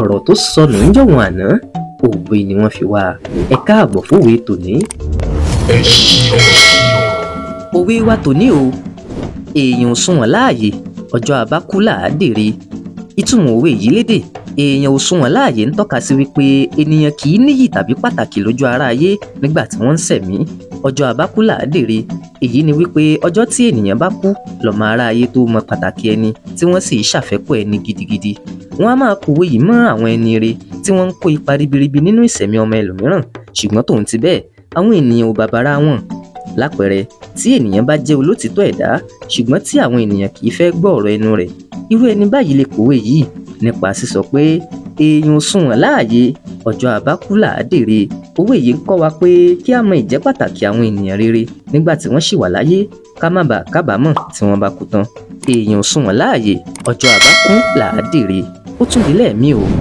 ọ̀rọ̀ tó sọnù ń jọ̀wọ́n àná òwe ni wọ́n fi wá ẹ káàbọ̀ fòwe tòní. ẹ ṣí ọ̀rọ̀ òwe wa tòní o èèyàn ò sunwọ̀n láàyè ọjọ́ abákú làádèrè ìtumọ̀ òwe yìí lédè èèyàn ò sunwọ̀n láàyè ń tọ́ka sí wípé ènìyàn kì í níyì tàbí pàtàkì lójú ara ayé nígbà tí wọ́n ń ṣẹ̀mí ọjọ́ abákú làádèrè èyí ni wípé ọjọ́ tí ènìyàn bá kú lọ́mọ ara ayé tó mọ pàtàkì ẹni tí wọ́n sì ṣàfẹ́kù ẹni gidigidi wọ́n á máa kọ̀wé yìí mọ́ àwọn ẹni ire tí wọ́n ń kó ipa ribiribi nínú ìsẹ̀mí ọmọ ẹlòmíràn ṣùgbọ́n tòun ti bẹ́ẹ̀ àwọn ènìyàn ò bàbàrà wọn lápẹẹrẹ tí ènìyàn bá jẹ́ olótìtọ́ ẹ̀dá ṣùgbọ́n tí àwọn ènìyàn kì í fẹ́ gbọ́ ọ̀rọ̀ ẹnu rẹ̀ irú ẹni báyìí lè kọ̀wé yìí nípa sísọ pé èèyàn sunwọ̀n láàyè ọjọ́ àbákú làádèrè òwe yìí ń kọ́ wa pé kí a mọ ìjẹ́ pàtàkì àwọn ènìyàn rere nígbà tí wọ́n ṣì wà láyé ká má bàa kábàámọ̀ tí wọ́n bá kú tán èèyàn sunwọ̀n láàyè ọjọ́ àbákú làádèrè ó tún délẹ̀ mi o